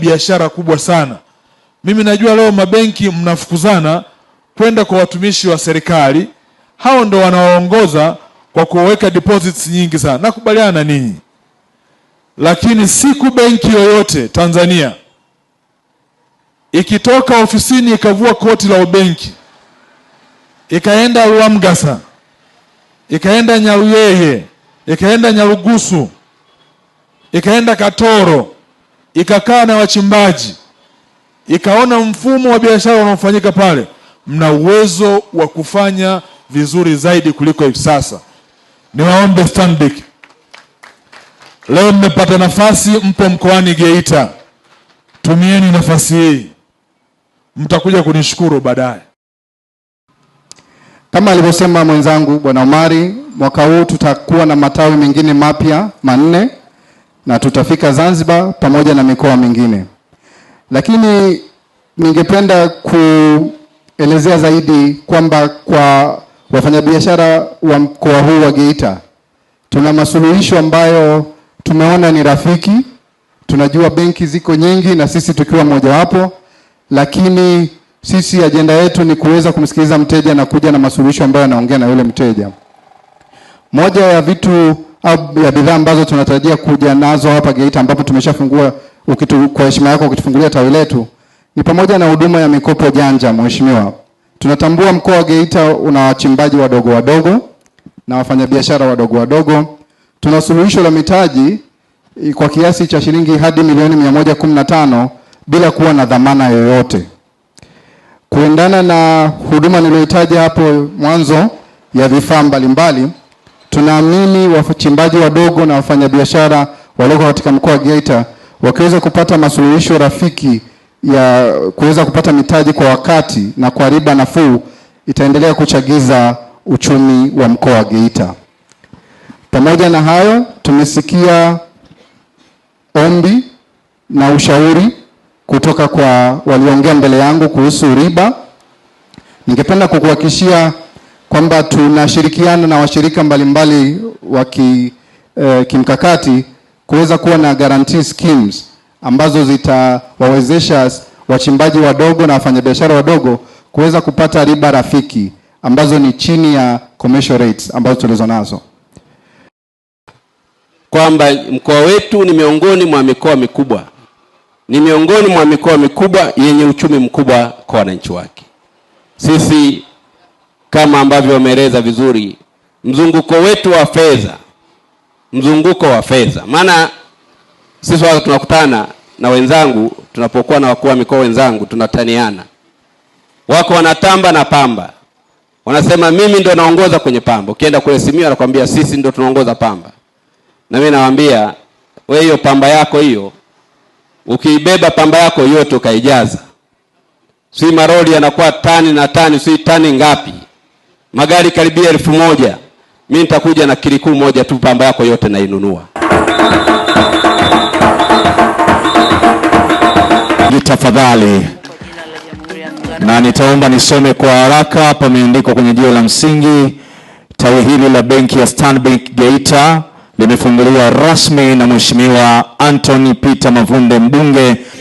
Biashara kubwa sana. Mimi najua leo mabenki mnafukuzana kwenda kwa watumishi wa serikali, hao ndo wanaoongoza kwa kuweka deposits nyingi sana. Nakubaliana na ninyi, lakini siku benki yoyote Tanzania ikitoka ofisini ikavua koti la ubenki ikaenda Luamgasa ikaenda Nyaruyeye ikaenda Nyarugusu ikaenda Katoro ikakaa na wachimbaji ikaona mfumo wa biashara unaofanyika pale, mna uwezo wa kufanya vizuri zaidi kuliko hivi sasa. Niwaombe Stanbic, leo mmepata nafasi, mpo mkoani Geita, tumieni nafasi hii, mtakuja kunishukuru baadaye. Kama alivyosema mwenzangu Bwana Omari, mwaka huu tutakuwa na matawi mengine mapya manne na tutafika Zanzibar pamoja na mikoa mingine, lakini ningependa kuelezea zaidi kwamba kwa wafanyabiashara wa mkoa huu wa Geita tuna masuluhisho ambayo tumeona ni rafiki. Tunajua benki ziko nyingi na sisi tukiwa mojawapo, lakini sisi ajenda yetu ni kuweza kumsikiliza mteja na kuja na masuluhisho ambayo anaongea na yule mteja. Moja ya vitu au ya bidhaa ambazo tunatarajia kuja nazo hapa Geita, ambapo tumeshafungua ukitu, kwa heshima yako ukitufungulia tawi letu ni pamoja na huduma ya mikopo janja. Mheshimiwa, tunatambua mkoa wa Geita una wachimbaji wadogo wadogo na wafanyabiashara wadogo wadogo. Tuna suluhisho la mitaji eh, kwa kiasi cha shilingi hadi milioni 115 bila kuwa na dhamana yoyote, kuendana na huduma niliyohitaja hapo mwanzo ya vifaa mbalimbali. mbali, Tunaamini wachimbaji wadogo na wafanyabiashara walioko katika mkoa wa Geita wakiweza kupata masuluhisho rafiki ya kuweza kupata mitaji kwa wakati na kwa riba nafuu itaendelea kuchagiza uchumi wa mkoa wa Geita. Pamoja na hayo, tumesikia ombi na ushauri kutoka kwa walioongea mbele yangu kuhusu riba. Ningependa kukuhakikishia kwamba tunashirikiana na washirika mbalimbali wa ki, eh, kimkakati kuweza kuwa na guarantee schemes ambazo zitawawezesha wachimbaji wadogo na wafanyabiashara wadogo kuweza kupata riba rafiki ambazo ni chini ya commercial rates ambazo tulizo nazo, kwamba mkoa wetu ni miongoni mwa mikoa mikubwa ni miongoni mwa mikoa mikubwa yenye uchumi mkubwa kwa wananchi wake. Sisi kama ambavyo wameeleza vizuri mzunguko wetu wa fedha, mzunguko wa fedha. Maana sisi watu tunakutana na wenzangu, tunapokuwa na wakuu wa mikoa wenzangu, tunataniana. Wako wanatamba na pamba, wanasema mimi ndo naongoza kwenye pamba. Ukienda kule simio anakuambia sisi ndo tunaongoza pamba, na mimi nawaambia wewe, hiyo pamba yako hiyo, ukiibeba pamba yako yote ukaijaza, si maroli yanakuwa tani na tani, si tani ngapi magari karibia elfu moja. mi nitakuja na kilikuu moja tu, pamba yako yote nainunua. Tafadhali na nitaomba nisome kwa haraka. Pameandikwa kwenye jio la msingi, tawi hili la benki ya Stanbic Geita limefunguliwa rasmi na Mheshimiwa Anthony Peter Mavunde mbunge